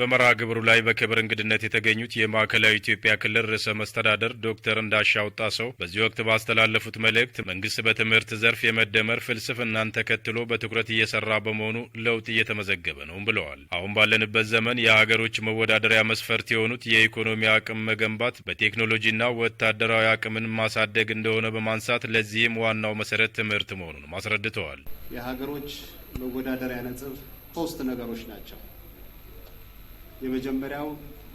በመርሃ ግብሩ ላይ በክብር እንግድነት የተገኙት የማዕከላዊ ኢትዮጵያ ክልል ርዕሰ መስተዳደር ዶክተር እንዳሻው ጣሰው በዚህ ወቅት ባስተላለፉት መልእክት መንግስት በትምህርት ዘርፍ የመደመር ፍልስፍናን ተከትሎ በትኩረት እየሰራ በመሆኑ ለውጥ እየተመዘገበ ነውም ብለዋል። አሁን ባለንበት ዘመን የሀገሮች መወዳደሪያ መስፈርት የሆኑት የኢኮኖሚ አቅም መገንባት፣ በቴክኖሎጂና ወታደራዊ አቅምን ማሳደግ እንደሆነ በማንሳት ለዚህም ዋናው መሰረት ትምህርት መሆኑንም አስረድተዋል። የሀገሮች መወዳደሪያ ነጥብ ሶስት ነገሮች ናቸው የመጀመሪያው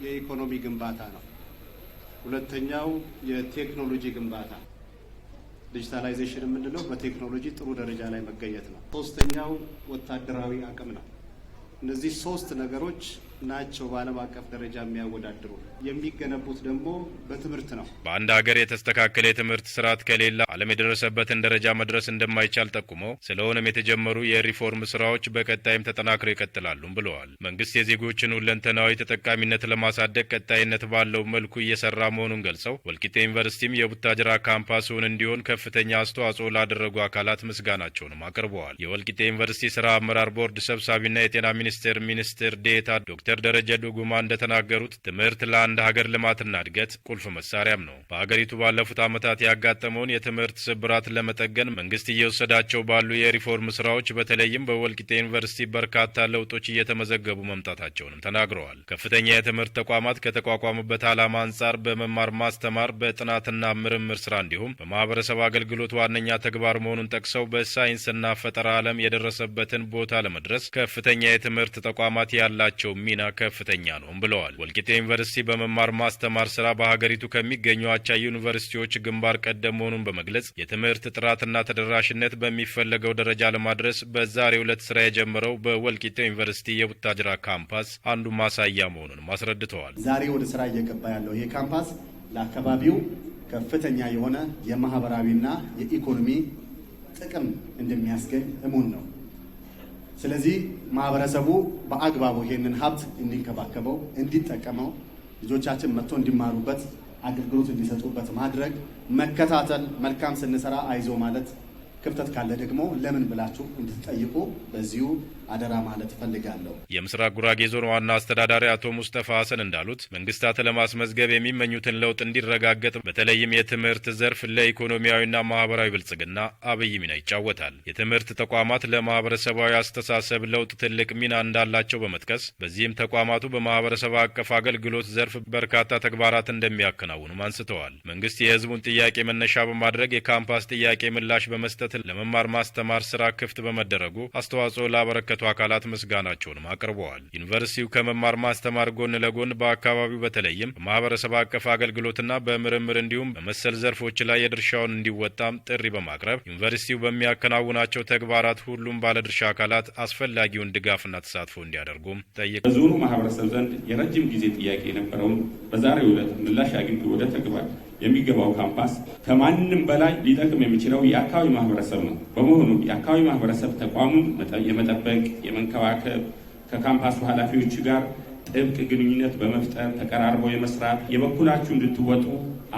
የኢኮኖሚ ግንባታ ነው። ሁለተኛው የቴክኖሎጂ ግንባታ ዲጂታላይዜሽን የምንለው በቴክኖሎጂ ጥሩ ደረጃ ላይ መገኘት ነው። ሶስተኛው ወታደራዊ አቅም ነው። እነዚህ ሶስት ነገሮች ናቸው በዓለም አቀፍ ደረጃ የሚያወዳድሩ። የሚገነቡት ደግሞ በትምህርት ነው። በአንድ ሀገር የተስተካከለ የትምህርት ስርዓት ከሌለ ዓለም የደረሰበትን ደረጃ መድረስ እንደማይቻል ጠቁመው፣ ስለሆነም የተጀመሩ የሪፎርም ስራዎች በቀጣይም ተጠናክረው ይቀጥላሉም ብለዋል። መንግስት የዜጎችን ሁለንተናዊ ተጠቃሚነት ለማሳደግ ቀጣይነት ባለው መልኩ እየሰራ መሆኑን ገልጸው ወልቂጤ ዩኒቨርሲቲም የቡታጅራ ካምፓስን እንዲሆን ከፍተኛ አስተዋጽኦ ላደረጉ አካላት ምስጋናቸውንም አቅርበዋል። የወልቂጤ ዩኒቨርሲቲ ስራ አመራር ቦርድ ሰብሳቢና የጤና ሚኒስቴር ሚኒስትር ዴታ ዶክተር ሚኒስትር ደረጀ ዱጉማ እንደተናገሩት ትምህርት ለአንድ ሀገር ልማትና እድገት ቁልፍ መሳሪያም ነው። በሀገሪቱ ባለፉት ዓመታት ያጋጠመውን የትምህርት ስብራት ለመጠገን መንግስት እየወሰዳቸው ባሉ የሪፎርም ስራዎች በተለይም በወልቂጤ ዩኒቨርሲቲ በርካታ ለውጦች እየተመዘገቡ መምጣታቸውንም ተናግረዋል። ከፍተኛ የትምህርት ተቋማት ከተቋቋሙበት ዓላማ አንጻር በመማር ማስተማር፣ በጥናትና ምርምር ስራ እንዲሁም በማህበረሰብ አገልግሎት ዋነኛ ተግባር መሆኑን ጠቅሰው በሳይንስና ፈጠራ ዓለም የደረሰበትን ቦታ ለመድረስ ከፍተኛ የትምህርት ተቋማት ያላቸው ሚና ሚና ከፍተኛ ነውም ብለዋል። ወልቂጤ ዩኒቨርሲቲ በመማር ማስተማር ስራ በሀገሪቱ ከሚገኙ አቻ ዩኒቨርሲቲዎች ግንባር ቀደም መሆኑን በመግለጽ የትምህርት ጥራትና ተደራሽነት በሚፈለገው ደረጃ ለማድረስ በዛሬው ዕለት ስራ የጀመረው በወልቂጤ ዩኒቨርሲቲ የቡታጅራ ካምፓስ አንዱ ማሳያ መሆኑን አስረድተዋል። ዛሬ ወደ ስራ እየገባ ያለው ይሄ ካምፓስ ለአካባቢው ከፍተኛ የሆነ የማህበራዊና የኢኮኖሚ ጥቅም እንደሚያስገኝ እሙን ነው። ስለዚህ ማህበረሰቡ በአግባቡ ይሄንን ሀብት እንዲንከባከበው፣ እንዲጠቀመው፣ ልጆቻችን መጥቶ እንዲማሩበት፣ አገልግሎት እንዲሰጡበት ማድረግ መከታተል፣ መልካም ስንሰራ አይዞ ማለት ክፍተት ካለ ደግሞ ለምን ብላችሁ እንድትጠይቁ በዚሁ አደራ ማለት እፈልጋለሁ። የምስራቅ ጉራጌ ዞን ዋና አስተዳዳሪ አቶ ሙስጠፋ ሀሰን እንዳሉት መንግስታት ለማስመዝገብ የሚመኙትን ለውጥ እንዲረጋገጥ በተለይም የትምህርት ዘርፍ ለኢኮኖሚያዊና ማህበራዊ ብልጽግና አብይ ሚና ይጫወታል። የትምህርት ተቋማት ለማህበረሰባዊ አስተሳሰብ ለውጥ ትልቅ ሚና እንዳላቸው በመጥቀስ በዚህም ተቋማቱ በማህበረሰብ አቀፍ አገልግሎት ዘርፍ በርካታ ተግባራት እንደሚያከናውኑም አንስተዋል። መንግስት የህዝቡን ጥያቄ መነሻ በማድረግ የካምፓስ ጥያቄ ምላሽ በመስጠት ለመማር ማስተማር ስራ ክፍት በመደረጉ አስተዋጽኦ ላበረከቱ አካላት ምስጋናቸውንም አቅርበዋል። ዩኒቨርሲቲው ከመማር ማስተማር ጎን ለጎን በአካባቢው በተለይም በማህበረሰብ አቀፍ አገልግሎትና በምርምር እንዲሁም በመሰል ዘርፎች ላይ የድርሻውን እንዲወጣም ጥሪ በማቅረብ ዩኒቨርሲቲው በሚያከናውናቸው ተግባራት ሁሉም ባለድርሻ አካላት አስፈላጊውን ድጋፍና ተሳትፎ እንዲያደርጉም ጠይቀ በዞኑ ማህበረሰብ ዘንድ የረጅም ጊዜ ጥያቄ የነበረውን በዛሬው ዕለት ምላሽ አግኝቶ ወደ ተግባር የሚገባው ካምፓስ ከማንም በላይ ሊጠቅም የሚችለው የአካባቢ ማህበረሰብ ነው። በመሆኑ የአካባቢ ማህበረሰብ ተቋሙን የመጠበቅ የመንከባከብ ከካምፓሱ ኃላፊዎች ጋር ጥብቅ ግንኙነት በመፍጠር ተቀራርበው የመስራት የበኩላችሁ እንድትወጡ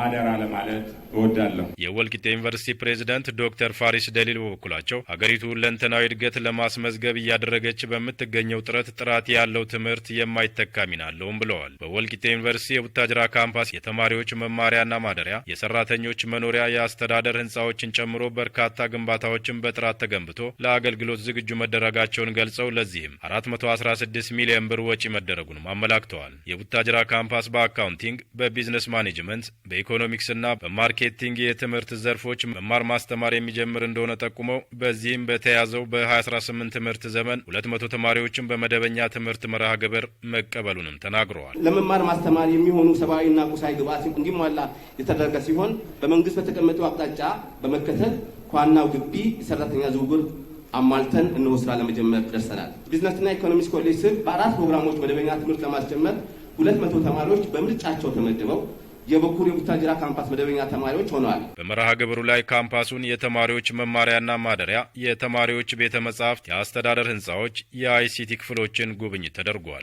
አደራ ለማለት እወዳለሁ። የወልቂጤ ዩኒቨርሲቲ ፕሬዝዳንት ዶክተር ፋሪስ ደሊል በበኩላቸው ሀገሪቱ ለንተናዊ እድገት ለማስመዝገብ እያደረገች በምትገኘው ጥረት ጥራት ያለው ትምህርት የማይተካ ሚና አለውም ብለዋል። በወልቂጤ ዩኒቨርሲቲ የቡታጅራ ካምፓስ የተማሪዎች መማሪያና ማደሪያ፣ የሰራተኞች መኖሪያ፣ የአስተዳደር ህንፃዎችን ጨምሮ በርካታ ግንባታዎችን በጥራት ተገንብቶ ለአገልግሎት ዝግጁ መደረጋቸውን ገልጸው ለዚህም 416 ሚሊዮን ብር ወጪ ነው መሆኑም አመላክተዋል። የቡታጅራ ካምፓስ በአካውንቲንግ፣ በቢዝነስ ማኔጅመንት፣ በኢኮኖሚክስና በማርኬቲንግ የትምህርት ዘርፎች መማር ማስተማር የሚጀምር እንደሆነ ጠቁመው በዚህም በተያዘው በ2018 ትምህርት ዘመን 200 ተማሪዎችን በመደበኛ ትምህርት መርሃ ግብር መቀበሉንም ተናግረዋል። ለመማር ማስተማር የሚሆኑ ሰብአዊና ቁሳዊ ግብዓት እንዲሟላ የተደረገ ሲሆን በመንግስት በተቀመጠው አቅጣጫ በመከተል ከዋናው ግቢ የሰራተኛ ዝውውር አሟልተን እነሆ ስራ ለመጀመር ደርሰናል። ቢዝነስና ኢኮኖሚክስ ኮሌጅ ስር በአራት ፕሮግራሞች መደበኛ ትምህርት ለማስጀመር ሁለት መቶ ተማሪዎች በምርጫቸው ተመድበው የበኩር የቡታጅራ ካምፓስ መደበኛ ተማሪዎች ሆነዋል። በመርሃ ግብሩ ላይ ካምፓሱን የተማሪዎች መማሪያና ማደሪያ፣ የተማሪዎች ቤተ መጻሕፍት፣ የአስተዳደር ህንፃዎች፣ የአይሲቲ ክፍሎችን ጉብኝት ተደርጓል።